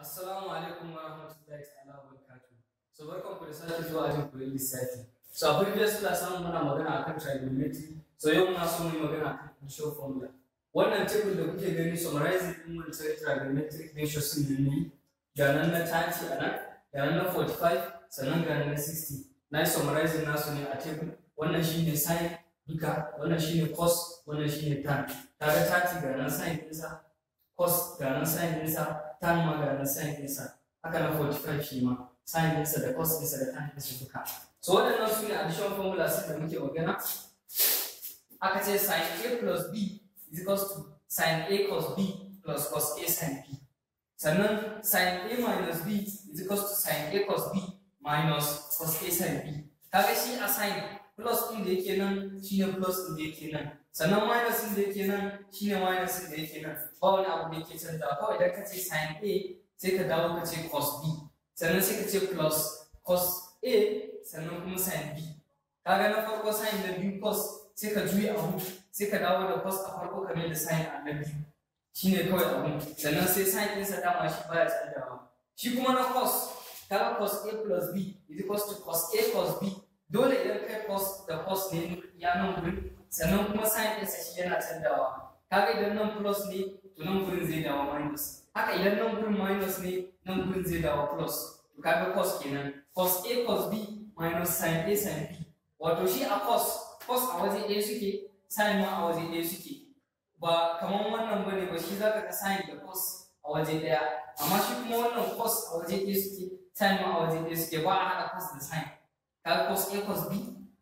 Assalamu alaikum wa rahmatullahi ta'ala wa barakatuh. So barkan ku da sake zuwa ajin koyon lissafi. So a previous class an muna magana akan trigonometry. So yau muna so mu magana akan ratio formula. Wannan table da kuke gani summarizing din wancan trigonometric ratio sun ne ni. Ga nan na 30 a nan, ga nan na 45, sannan ga nan na 60. Na yi summarizing nasu ne a table. Wannan shi ne sine duka, wannan shi ne cos, wannan shine tan. Kaga 30 ga nan sine ɗinsa, cos ga nan sine ɗinsa, time ma ga na sign ɗinsa haka na 45 shi ma sign ɗinsa da cos ɗinsa da tan ɗinsa duka so waɗannan su ne addition formula sun da muke magana aka ce sin a plus b is equals to sin a cos b plus cos a sin b sannan sin a minus b is equals to sin a cos b minus cos a sin b kaga shi a sin plus ɗin e da yake nan shine plus ɗin da yake nan sannan minus ɗin e da yake nan shine minus ɗin e da yake nan ba wani abu da yake canzawa kawai idan ka ce sin a sai ka dawo ka ce cos b sannan sai ka ce plus cos a sannan kuma sin b ga na farko sin na biyu cos sai ka a abu sai ka dawo da cos a farko kamar da sin a na biyu shine kawai abu sannan sai sin ɗinsa dama shi baya canzawa shi kuma na cos ga cos a plus b is equals to cos a cos b dole idan kai post da post ne ya nan gurin sannan kuma sign ɗinsa shi yana dawa? kaga idan nan plus ne to nan gurin zai dawo minus haka idan nan gurin minus ne nan gurin zai dawo plus to kaga cos kenan cos a cos b minus sin a sin b wato shi a cos cos a waje ɗaya suke sin ma a waje ɗaya suke ba kamar wannan bane ba shi zaka ga sin da cos a waje ɗaya amma shi kuma wannan cos a waje ɗaya suke sin ma a waje ɗaya suke ba a haɗa cos da sin kaga cos a cos b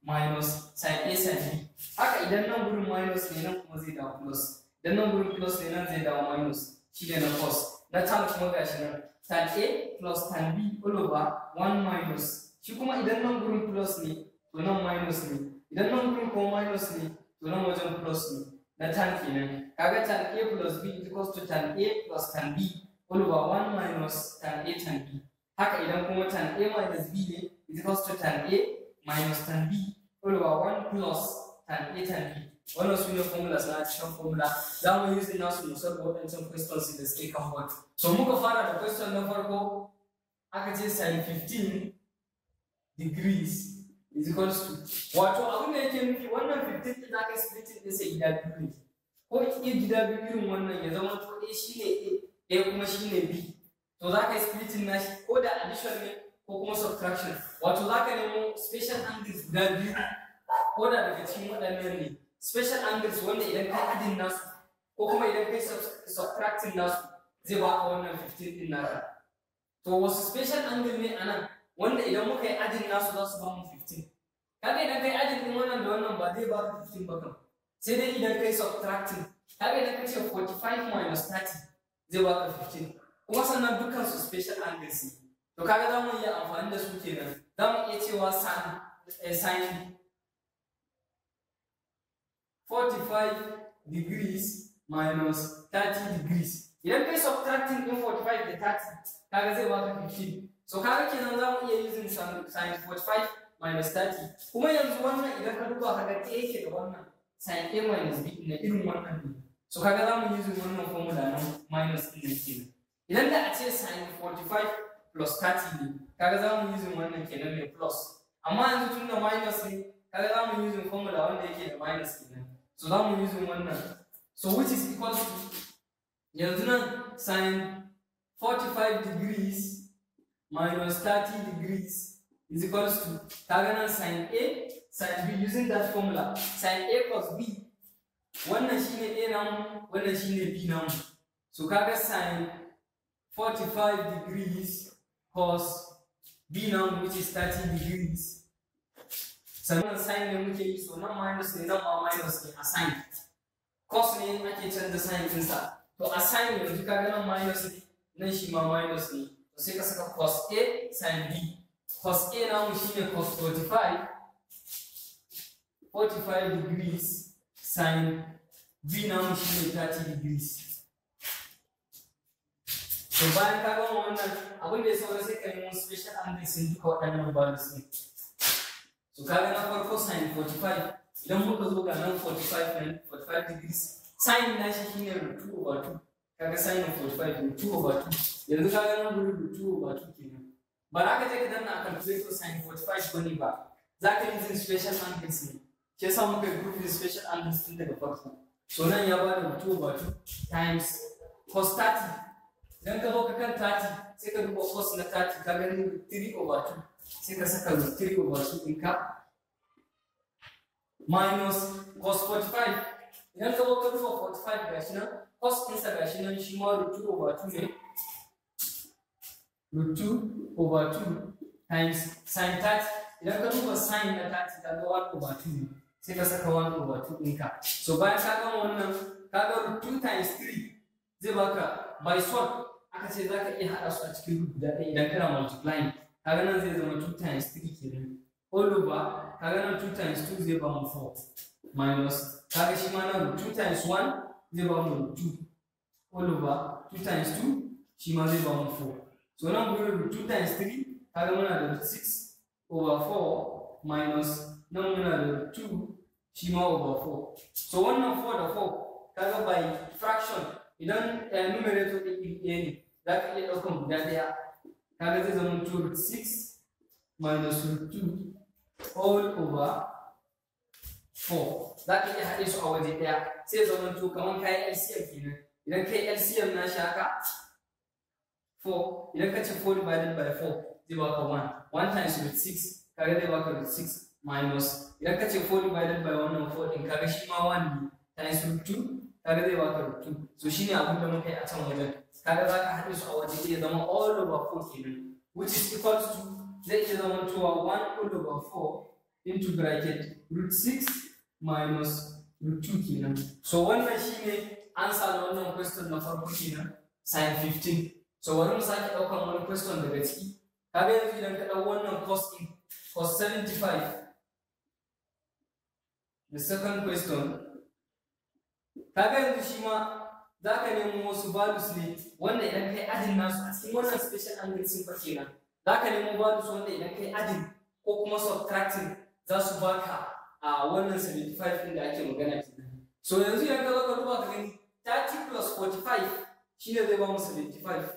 minus sin a sin b haka idan nan gurin minus ne nan kuma zai dawo plus idan nan gurin plus ne nan zai dawo minus shi ne na cos na tan kuma shi nan tan a plus tan b all over 1 minus shi kuma idan nan gurin plus ne to nan minus ne idan nan gurin kuma minus ne to nan wajen plus ne na tan kenan kaga tan a plus b equals to tan a plus tan b all over 1 minus tan a tan b haka idan kuma tan a minus b ne is equals to tan A minus tan B kulwa 1 plus tan A tan B wannan su ne formulas na cikin formula za mu yi zina nasu mu sarrafa waɗancan questions da suke kan board so muka fara da question na farko aka ce say 15 degrees is equals to wato abin da yake nufi wannan 15 din aka splitting din sai gida ko iya wannan ya zama to A shine A A kuma B to za ka yi splitting nashi ko da addition ne ko kuma subtraction wato za ka nemo special angles guda biyu ko da daga cikin waɗannan ne special angles wanda idan ka adin nasu ko kuma idan kai subtracting nasu zai ka wannan 15 din naka to wasu special angle ne anan wanda idan muka yi adin nasu za su ba mu 15 kaga idan kai adin din wannan da wannan ba zai ba ka 15 ba kan sai dai idan kai subtracting kaga idan ce 45 minus 30 zai ba ka 15 kuma sannan dukkan su special angles ne to kaga za mu iya amfani da su kenan za mu iya cewa sin 45 eh, degrees minus 30 degrees idan kai subtracting din 45 da 30 kaga zai baka 15 so kaga kenan za mu iya using sin 45 minus 30 kuma yanzu wannan idan ka duba kaga ta yake da wannan sin a minus b na irin wannan ne so kaga za mu using wannan formula na minus din kenan idan da a ce sin 45 plus 30 ne kaga za mu using wannan kenan mai plus amma yanzu tun da minus ne kaga za mu using formula wanda yake da minus kenan so za mu using wannan so which is equal to yanzu nan sin 45 degrees minus 30 degrees is equal to kaga nan sin a sin b using that formula sin a plus b wannan shine a namu wannan shine b namu so kaga sin 45 degrees cos b nan which is 30 degrees sannan sine ne muke yi so nan minus ne nan ma minus ne a sine cos ne ake canza sine ɗinsa to a sine ne duka ga nan minus ne nan shi ma minus ne to sai ka saka cos a sine b cos a namu shine cos 45 45 degrees sine b namu shine 30 degrees to bayan ka gama wannan abin da ya sauran sai ka nemo special analysis duka waɗannan values ɗin to kaga na farko sin 45 idan muka zo ga nan 45 nan 45 degrees sin na shi shine 2 over 2 kaga sin 45 root 2 over 2 yanzu kaga nan gurin root 2 over 2 kenan ba za ka je ka danna a to sin 45 bane ba za ka yi zin special analysis ne shi yasa muka yi grouping special analysis tun daga farko so nan ya bada root 2 over 2 times cos 30 dan ka zo ka kan sai ka duba force na tati ka gani 3 over 2 sai ka saka over 2 ka minus cos 45 idan ka zo ka duba 45 cos ɗinsa gashi nan shi ma root over ne root over 2 times sin 30 idan ka duba sin na 30 ka ga 1 over 2 ne sai ka saka 1 over 2 ɗinka so bayan ka gama wannan ka ga root 2 times 3 zai baka by swap aka ce za ka iya haɗa su a cikin group guda ɗaya idan kana multiplying kaga nan zai zama two times three kenan all over kaga nan two times two zai ba mu 4 minus kaga shi ma nan two times one zai ba mu 2 all over two times two shi ma zai ba mu 4 so nan gurin two times three kaga muna da six over 4 minus nan muna da two shi ma over four so wannan four da four kaga by fraction idan eh, numerator ɗin ɗaya ne that ka iya ɗaukan guda ɗaya kaga zai zama 2 root 6 minus root 2 all over 4 za ka iya haɗe su the waje ɗaya sai zama to kamar ka yi LCM kenan idan ka yi LCM na shi haka 4 idan ka ce 4 divided by 4 zai baka 1 1 times root 6 kaga zai baka root 6 minus idan ka ce 4 divided by 1 wannan 4 din kaga shi ma 1 times root 2 kaga zai baka root 2 so shine abin da muka yi a can wajen kaga za ka haɗe su a waje ya zama all over four kenan which is equal to zai iya zama a one all over four, into bracket root six, minus root two kenan so wannan ne ansa na wannan question na farko kenan sin 15 so wani mu sake ɗaukan wani question daga ciki kaga yanzu idan ka ɗau wannan cost ɗin cost 75 the second question kaga yanzu shi ma za ka nemo wasu values ne wanda idan kai adin nasu a cikin wannan special angle sun fa kenan za ka nemo values wanda idan ka yi adin ko kuma subtracting za su baka a wannan 75 din da ake magana kenan so yanzu idan ka zo ka duba ka gani 30 plus 45 shine zai ba mu 75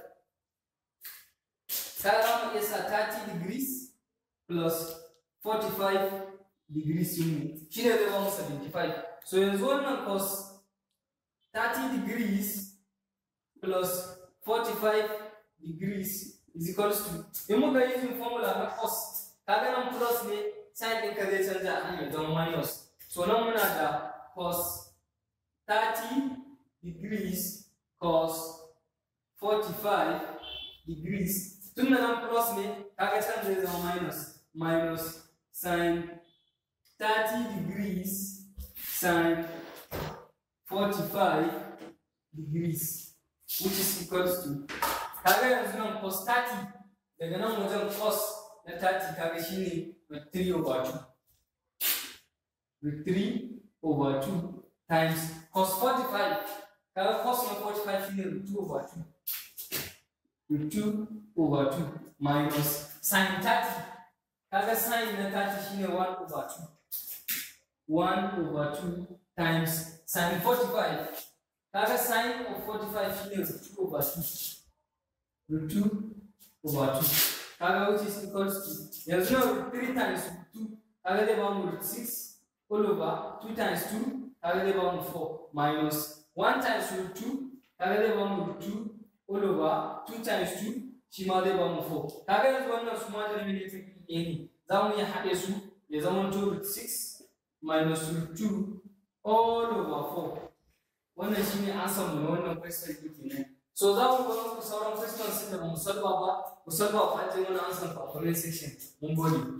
Ka za mu iya sa 30 degrees plus 45 degrees unit shine zai ba mu 75 so yanzu wannan cos 30 degrees plus 45 degrees is equals to in muka using formula na cost kaga nan plus ne sign din ka zai a nan zama minus so nan muna da cos 30 degrees cos 45 degrees tun da nan plus ne kaga zama minus minus sin 30 degrees sin 45 degrees which is equal to kaga yanzu nan cos 30 the denominator wajen cos na 30 kaga shine with 3 over 2 with 3 over 2 times cos 45 kaga cos 45 shine with 2 over 2 with 2 over 2 minus sine 30 kaga sin na 30 shine 1 over 2 1 over 2 times sine 45. That is sine of 45 here is 2 over 2. Root 2 over 2. That which is equals to, there is no 3 times 2. That is about root 6 all over 2 times 2. That is about 4 minus 1 times root 2. That is about root 2 all over 2 times 2. Shi ma zai bamu 4. Kaga yanzu wannan su ma da remaining ne. Za have iya haɗe su have zama root 6 minus root 2 all over four wannan shi ne ansan mu na wannan question ɗin kenan so za mu bar sauran questions da mu salba ba mu salba ku ajiye mana ansan a comment section mun gode